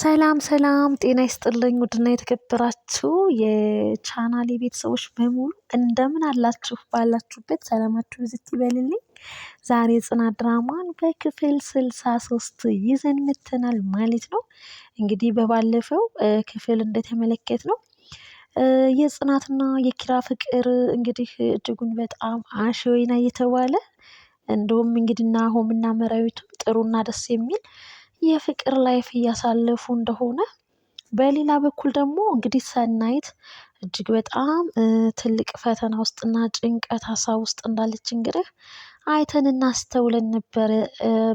ሰላም ሰላም ጤና ይስጥልኝ ውድና የተከበራችሁ የቻናል ቤተሰቦች በሙሉ እንደምን አላችሁ? ባላችሁበት ሰላማችሁ ብዝት ይበልልኝ። ዛሬ ጽናት ድራማን በክፍል ስልሳ ሶስት ይዘን መተናል ማለት ነው። እንግዲህ በባለፈው ክፍል እንደተመለከት ነው የጽናትና የኪራ ፍቅር እንግዲህ እጅጉን በጣም አሽወይና እየተባለ እንደውም እንግዲህ ናሆምና መራዊቱም ጥሩና ደስ የሚል የፍቅር ላይፍ እያሳለፉ እንደሆነ በሌላ በኩል ደግሞ እንግዲህ ሰናይት እጅግ በጣም ትልቅ ፈተና ውስጥና ጭንቀት ሀሳብ ውስጥ እንዳለች እንግዲህ አይተን እናስተውለን ነበረ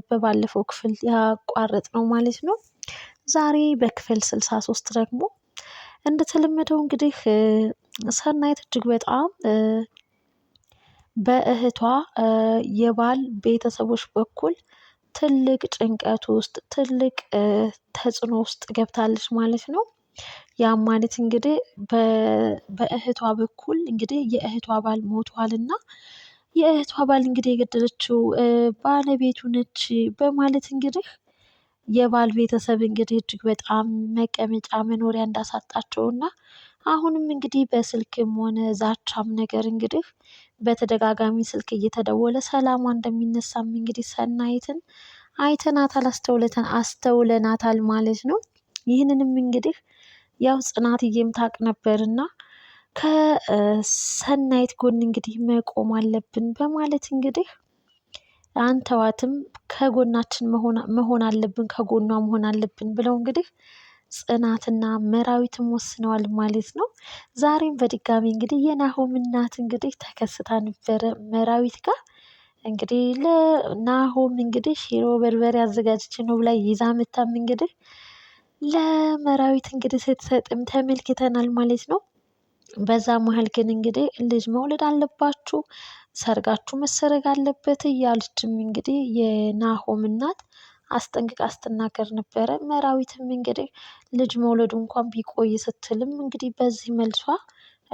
በባለፈው ክፍል ያቋረጥ ነው ማለት ነው። ዛሬ በክፍል ስልሳ ሶስት ደግሞ እንደተለመደው እንግዲህ ሰናይት እጅግ በጣም በእህቷ የባል ቤተሰቦች በኩል ትልቅ ጭንቀት ውስጥ ትልቅ ተጽዕኖ ውስጥ ገብታለች ማለት ነው። ያም ማለት እንግዲህ በእህቷ በኩል እንግዲህ የእህቷ ባል እና የእህቷ ባል እንግዲህ የገደለችው ባለቤቱ ነች በማለት እንግዲህ የባል ቤተሰብ እንግዲህ እጅግ በጣም መቀመጫ መኖሪያ እንዳሳጣቸውና አሁንም እንግዲህ በስልክም ሆነ ዛቻም ነገር እንግዲህ በተደጋጋሚ ስልክ እየተደወለ ሰላሟ እንደሚነሳም እንግዲህ ሰናይትን አይተናታል አስተውለተን አስተውለናታል ማለት ነው። ይህንንም እንግዲህ ያው ጽናትዬም ታውቅ ነበርና ከሰናይት ጎን እንግዲህ መቆም አለብን በማለት እንግዲህ አንተዋትም ከጎናችን መሆን አለብን ከጎኗ መሆን አለብን ብለው እንግዲህ ጽናትና መራዊትም ወስነዋል ማለት ነው። ዛሬም በድጋሚ እንግዲህ የናሆም እናት እንግዲህ ተከስታ ነበረ መራዊት ጋር እንግዲህ ለናሆም እንግዲህ ሽሮ በርበሬ አዘጋጅች ነው ብላ ይዛ ምታም እንግዲህ ለመራዊት እንግዲህ ስትሰጥም ተመልክተናል ማለት ነው። በዛ መሀል ግን እንግዲህ ልጅ መውለድ አለባችሁ፣ ሰርጋችሁ መሰረግ አለበት እያለችም እንግዲህ የናሆም እናት አስጠንቅቃ ስትናገር ነበረ። መራዊትም እንግዲህ ልጅ መውለዱ እንኳን ቢቆይ ስትልም እንግዲህ በዚህ መልሷ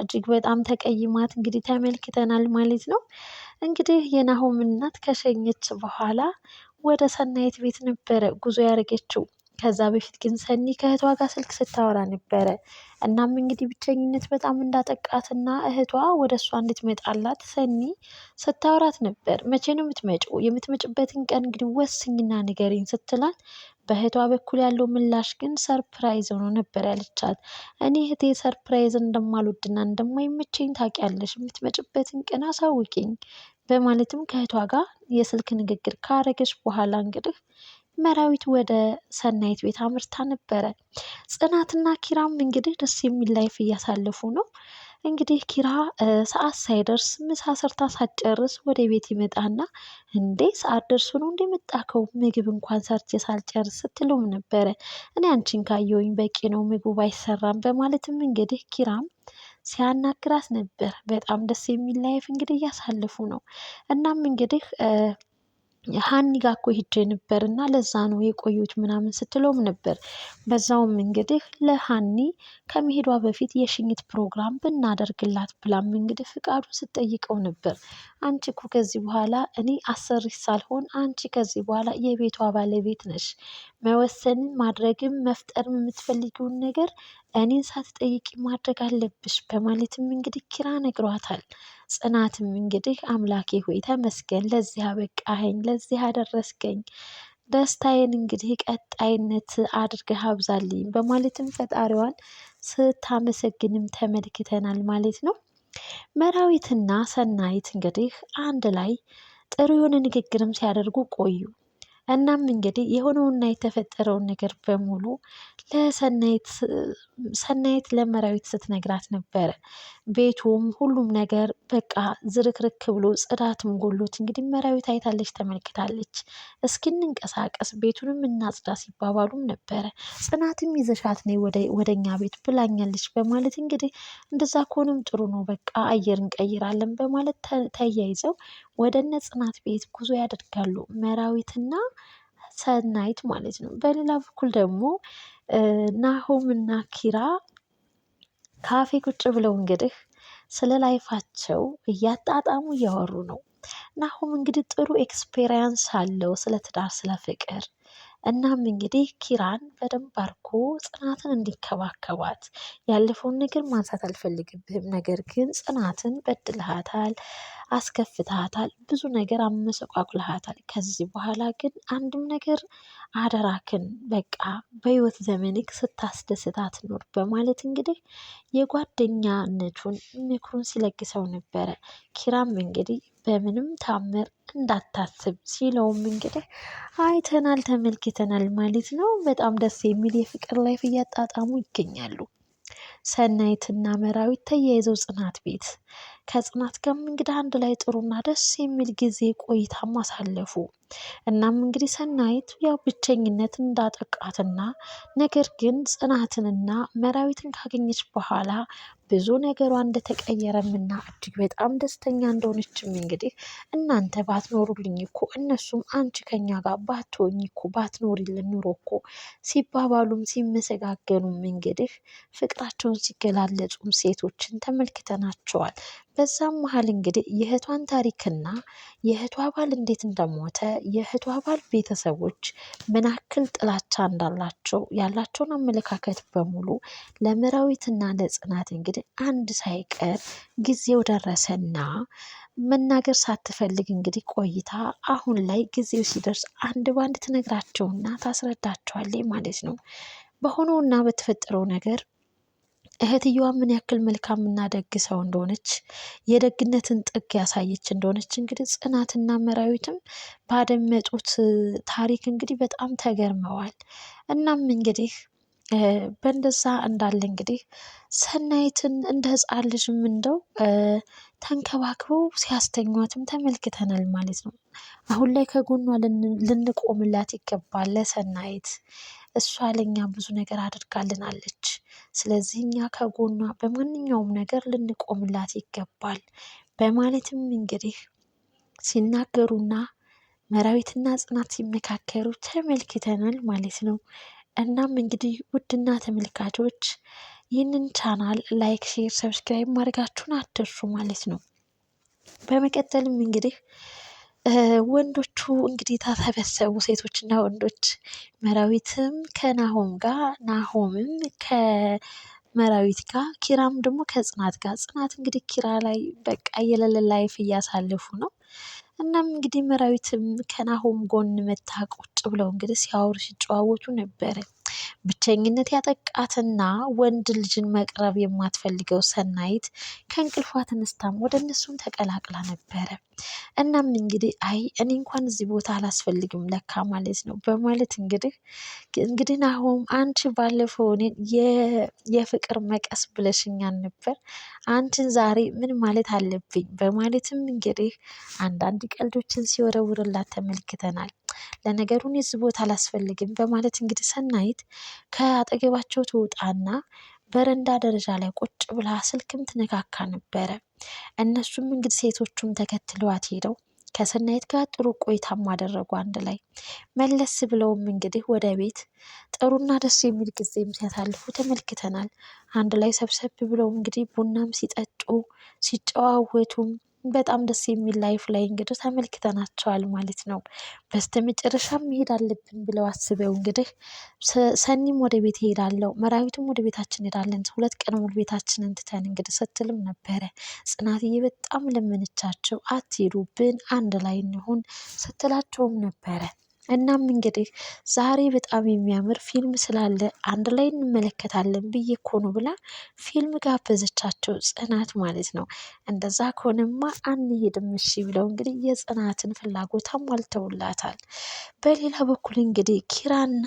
እጅግ በጣም ተቀይማት እንግዲህ ተመልክተናል ማለት ነው። እንግዲህ የናሆም እናት ከሸኘች በኋላ ወደ ሰናይት ቤት ነበረ ጉዞ ያደረገችው። ከዛ በፊት ግን ሰኒ ከእህቷ ጋር ስልክ ስታወራ ነበረ። እናም እንግዲህ ብቸኝነት በጣም እንዳጠቃትና እህቷ ወደ እሷ እንድትመጣላት ሰኒ ስታወራት ነበር። መቼ ነው የምትመጪው? የምትመጭበትን ቀን እንግዲህ ወስኝና ንገሪኝ ስትላት በእህቷ በኩል ያለው ምላሽ ግን ሰርፕራይዝ ሆኖ ነበር ያለቻት። እኔ እህቴ ሰርፕራይዝ እንደማልወድና እንደማይመቸኝ ታውቂያለሽ፣ የምትመጭበትን ቀን አሳውቂኝ በማለትም ከእህቷ ጋር የስልክ ንግግር ካረገች በኋላ እንግዲህ መራዊት ወደ ሰናይት ቤት አምርታ ነበረ። ጽናትና ኪራም እንግዲህ ደስ የሚል ላይፍ እያሳለፉ ነው። እንግዲህ ኪራ ሰዓት ሳይደርስ ምሳ ሰርታ ሳትጨርስ ወደ ቤት ይመጣና እንዴ ሰዓት ደርሶ ነው እንደ መጣከው ምግብ እንኳን ሰርቼ ሳልጨርስ ስትለውም ነበረ። እኔ አንቺን ካየውኝ በቂ ነው ምግቡ አይሰራም በማለትም እንግዲህ ኪራም ሲያናግራት ነበር። በጣም ደስ የሚል ላይፍ እንግዲህ እያሳለፉ ነው። እናም እንግዲህ ሀኒ ጋር እኮ ነበር እና ለዛ ነው የቆዩት ምናምን ስትለውም ነበር። በዛውም እንግዲህ ለሀኒ ከመሄዷ በፊት የሽኝት ፕሮግራም ብናደርግላት ብላም እንግዲህ ፍቃዱን ስትጠይቀው ነበር። አንቺ እኮ ከዚህ በኋላ እኔ አሰሪ ሳልሆን አንቺ ከዚህ በኋላ የቤቷ ባለቤት ነሽ መወሰንም ማድረግም መፍጠር የምትፈልጊውን ነገር እኔን ሳትጠይቂ ማድረግ አለብሽ በማለትም እንግዲህ ኪራ ነግሯታል። ጽናትም እንግዲህ አምላኬ ሆይ ተመስገን፣ ለዚህ አበቃኸኝ፣ ለዚህ አደረስገኝ ደስታዬን እንግዲህ ቀጣይነት አድርገህ አብዛልኝ በማለትም ፈጣሪዋን ስታመሰግንም ተመልክተናል ማለት ነው። መራዊትና ሰናይት እንግዲህ አንድ ላይ ጥሩ የሆነ ንግግርም ሲያደርጉ ቆዩ። እናም እንግዲህ የሆነውና የተፈጠረውን ነገር በሙሉ ለሰናይት ሰናይት ለመራዊት ስትነግራት ነበረ። ቤቱም ሁሉም ነገር በቃ ዝርክርክ ብሎ ጽዳትም ጎሎት እንግዲህ መራዊት አይታለች፣ ተመልክታለች። እስኪ እንንቀሳቀስ ቤቱንም እናጽዳ ሲባባሉም ነበረ። ጽናትም ይዘሻት ነይ ወደ ቤት ብላኛለች በማለት እንግዲህ እንደዛ ከሆነም ጥሩ ነው በቃ አየር እንቀይራለን በማለት ተያይዘው ወደነ ጽናት ቤት ጉዞ ያደርጋሉ መራዊትና ሰናይት ማለት ነው። በሌላ በኩል ደግሞ ናሆም እና ኪራ ካፌ ቁጭ ብለው እንግዲህ ስለ ላይፋቸው እያጣጣሙ እያወሩ ነው። ናሆም እንግዲህ ጥሩ ኤክስፔሪያንስ አለው ስለ ትዳር፣ ስለ ፍቅር እናም እንግዲህ ኪራን በደንብ አድርጎ ጽናትን እንዲከባከባት ያለፈውን ነገር ማንሳት አልፈልግብህም፣ ነገር ግን ጽናትን በድልሃታል፣ አስከፍትሃታል፣ ብዙ ነገር አመሰቋቁልሃታል። ከዚህ በኋላ ግን አንድም ነገር አደራክን በቃ በህይወት ዘመንክ ስታስደስታት ኑር በማለት እንግዲህ የጓደኛነቱን ምክሩን ሲለግሰው ነበረ። ኪራም እንግዲህ በምንም ታምር እንዳታስብ ሲለውም እንግዲህ አይተናል ተመልክተናል ማለት ነው። በጣም ደስ የሚል የፍቅር ላይፍ እያጣጣሙ ይገኛሉ። ሰናይትና መራዊት ተያይዘው ጽናት ቤት ከጽናት ጋርም እንግዲህ አንድ ላይ ጥሩና ደስ የሚል ጊዜ ቆይታም አሳለፉ። እናም እንግዲህ ሰናይት ያው ብቸኝነት እንዳጠቃትና ነገር ግን ጽናትንና መራዊትን ካገኘች በኋላ ብዙ ነገሯ እንደተቀየረም እና እጅግ በጣም ደስተኛ እንደሆነችም እንግዲህ እናንተ ባትኖሩልኝ እኮ እነሱም አንቺ ከኛ ጋር ባትሆኝ እኮ ባትኖሪልን ኑሮ እኮ ሲባባሉም ሲመሰጋገኑም እንግዲህ ፍቅራቸውን ሲገላለጹም ሴቶችን ተመልክተናቸዋል። በዛም መሀል እንግዲህ የእህቷን ታሪክና የእህቷ ባል እንዴት እንደሞተ የእህቷ ባል ቤተሰቦች ምን ያክል ጥላቻ እንዳላቸው ያላቸውን አመለካከት በሙሉ ለምራዊትና ለጽናት እንግዲህ አንድ ሳይቀር ጊዜው ደረሰና መናገር ሳትፈልግ እንግዲህ ቆይታ አሁን ላይ ጊዜው ሲደርስ አንድ በአንድ ትነግራቸውና ታስረዳቸዋለች ማለት ነው። እና በተፈጠረው ነገር እህትየዋ ምን ያክል እና ደግ ሰው እንደሆነች የደግነትን ጥግ ያሳየች እንደሆነች እንግዲህ ጽናትና መራዊትም ባደመጡት ታሪክ እንግዲህ በጣም ተገርመዋል። እናም እንግዲህ በእንደዛ እንዳለ እንግዲህ ሰናይትን እንደ ህፃን ልጅም እንደው ተንከባክበው ሲያስተኟትም ተመልክተናል ማለት ነው። አሁን ላይ ከጎኗ ልንቆምላት ይገባል። ለሰናይት እሷ ለኛ ብዙ ነገር አድርጋልናለች። ስለዚህ እኛ ከጎኗ በማንኛውም ነገር ልንቆምላት ይገባል በማለትም እንግዲህ ሲናገሩና መራዊትና ጽናት ሲመካከሩ ተመልክተናል ማለት ነው። እናም እንግዲህ ውድና ተመልካቾች ይህንን ቻናል ላይክ፣ ሼር፣ ሰብስክራይብ ማድረጋችሁን አትርሱ ማለት ነው። በመቀጠልም እንግዲህ ወንዶቹ እንግዲህ ተሰበሰቡ ሴቶችና ወንዶች። መራዊትም ከናሆም ጋር ናሆምም ከመራዊት ጋር ኪራም ደግሞ ከጽናት ጋር ጽናት እንግዲህ ኪራ ላይ በቃ የለለ ላይፍ እያሳለፉ ነው። እናም እንግዲህ መራዊትም ከናሆም ጎን መታ ቁጭ ብለው እንግዲህ ሲያወሩ ሲጨዋወቱ ነበረ። ብቸኝነት ያጠቃትና ወንድ ልጅን መቅረብ የማትፈልገው ሰናይት ከእንቅልፏ ተነስታም ወደ እነሱም ተቀላቅላ ነበረ። እናም እንግዲህ አይ እኔ እንኳን እዚህ ቦታ አላስፈልግም ለካ ማለት ነው በማለት እንግዲህ እንግዲህ ናሆም አንቺ ባለፈው እኔን የፍቅር መቀስ ብለሽኛል ነበር፣ አንቺን ዛሬ ምን ማለት አለብኝ በማለትም እንግዲህ አንዳንድ ቀልዶችን ሲወረውርላት ተመልክተናል። ለነገሩ እኔ እዚህ ቦታ አላስፈልግም በማለት እንግዲህ ሰናይት ከአጠገባቸው ትወጣና በረንዳ ደረጃ ላይ ቁጭ ብላ ስልክም ትነካካ ነበረ። እነሱም እንግዲህ ሴቶቹም ተከትለዋት ሄደው ከሰናይት ጋር ጥሩ ቆይታም አደረጉ። አንድ ላይ መለስ ብለውም እንግዲህ ወደ ቤት ጥሩና ደስ የሚል ጊዜም ሲያሳልፉ ተመልክተናል። አንድ ላይ ሰብሰብ ብለው እንግዲህ ቡናም ሲጠጡ ሲጨዋወቱም በጣም ደስ የሚል ላይፍ ላይ እንግዲህ ተመልክተናቸዋል ማለት ነው። በስተመጨረሻም መሄድ አለብን ብለው አስበው እንግዲህ ሰኒም ወደ ቤት እሄዳለሁ መራዊትም ወደ ቤታችን እንሄዳለን ሁለት ቀን ሙሉ ቤታችን እንትተን እንግዲህ ስትልም ነበረ። ጽናትዬ በጣም ለመነቻቸው አትሄዱብን አንድ ላይ እንሁን ስትላቸውም ነበረ እናም እንግዲህ ዛሬ በጣም የሚያምር ፊልም ስላለ አንድ ላይ እንመለከታለን ብዬ እኮ ነው ብላ ፊልም ጋበዘቻቸው ጽናት ማለት ነው። እንደዛ ከሆነማ አንሄድም እሺ ብለው እንግዲህ የጽናትን ፍላጎት አሟልተውላታል። በሌላ በኩል እንግዲህ ኪራና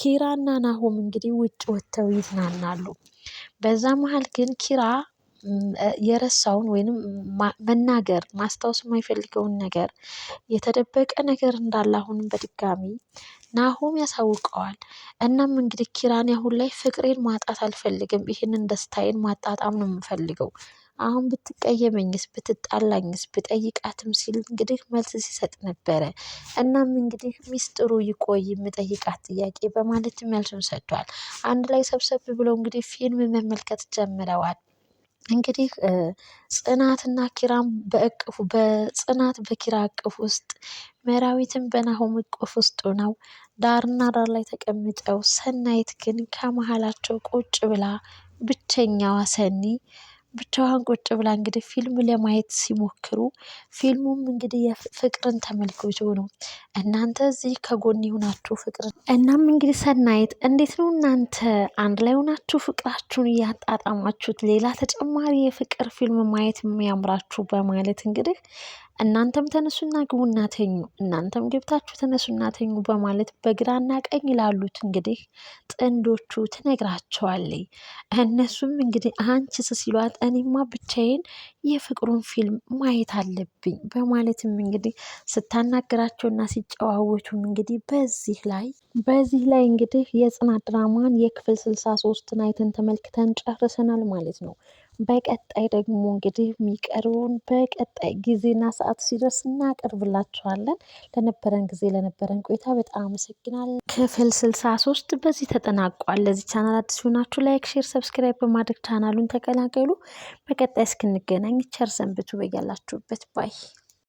ኪራና ናሆም እንግዲህ ውጭ ወጥተው ይዝናናሉ። በዛ መሀል ግን ኪራ የረሳውን ወይንም መናገር ማስታወስ የማይፈልገውን ነገር የተደበቀ ነገር እንዳለ አሁንም በድጋሚ ናሆም ያሳውቀዋል። እናም እንግዲህ ኪራን አሁን ላይ ፍቅሬን ማጣት አልፈልግም ይህንን ደስታዬን ማጣጣም ነው የምፈልገው። አሁን ብትቀየመኝስ ብትጣላኝስ ብጠይቃትም ሲል እንግዲህ መልስ ሲሰጥ ነበረ። እናም እንግዲህ ሚስጥሩ ይቆይ የምጠይቃት ጥያቄ በማለትም መልሱን ሰጥቷል። አንድ ላይ ሰብሰብ ብለው እንግዲህ ፊልም መመልከት ጀምረዋል እንግዲህ ጽናትና ኪራም በእቅፉ በጽናት በኪራ እቅፍ ውስጥ መራዊትን በናሆም እቅፍ ውስጥ ሆነው ዳርና ዳር ላይ ተቀምጠው ሰናይት ግን ከመሀላቸው ቁጭ ብላ ብቸኛዋ ሰኒ ብቻዋን ቁጭ ብላ እንግዲህ ፊልም ለማየት ሲሞክሩ ፊልሙም እንግዲህ የፍቅርን ተመልክቶ ነው። እናንተ እዚህ ከጎን ይሁናችሁ ፍቅርን። እናም እንግዲህ ሰናይት እንዴት ነው እናንተ አንድ ላይ ሆናችሁ ፍቅራችሁን እያጣጣማችሁት ሌላ ተጨማሪ የፍቅር ፊልም ማየት የሚያምራችሁ በማለት እንግዲህ እናንተም ተነሱና ግቡ እናተኙ፣ እናንተም ገብታችሁ ተነሱ እናተኙ በማለት በግራና ቀኝ ላሉት እንግዲህ ጥንዶቹ ትነግራቸዋለች። እነሱም እንግዲህ አንቺስ ሲሏት እኔማ ብቻዬን የፍቅሩን ፊልም ማየት አለብኝ በማለትም እንግዲህ ስታናግራቸውና ሲጨዋወቱም እንግዲህ በዚህ ላይ በዚህ ላይ እንግዲህ የጽናት ድራማን የክፍል ስልሳ ሶስትን አይተን ተመልክተን ጨርሰናል ማለት ነው። በቀጣይ ደግሞ እንግዲህ የሚቀርቡን በቀጣይ ጊዜና ሰዓት ሲደርስ እናቀርብላችኋለን። ለነበረን ጊዜ ለነበረን ቆይታ በጣም አመሰግናለን። ክፍል ስልሳ ሶስት በዚህ ተጠናቋል። ለዚህ ቻናል አዲስ ሆናችሁ ላይክ፣ ሼር፣ ሰብስክራይብ በማድረግ ቻናሉን ተቀላቀሉ። በቀጣይ እስክንገናኝ ቸር ሰንብቱ። በያላችሁበት ባይ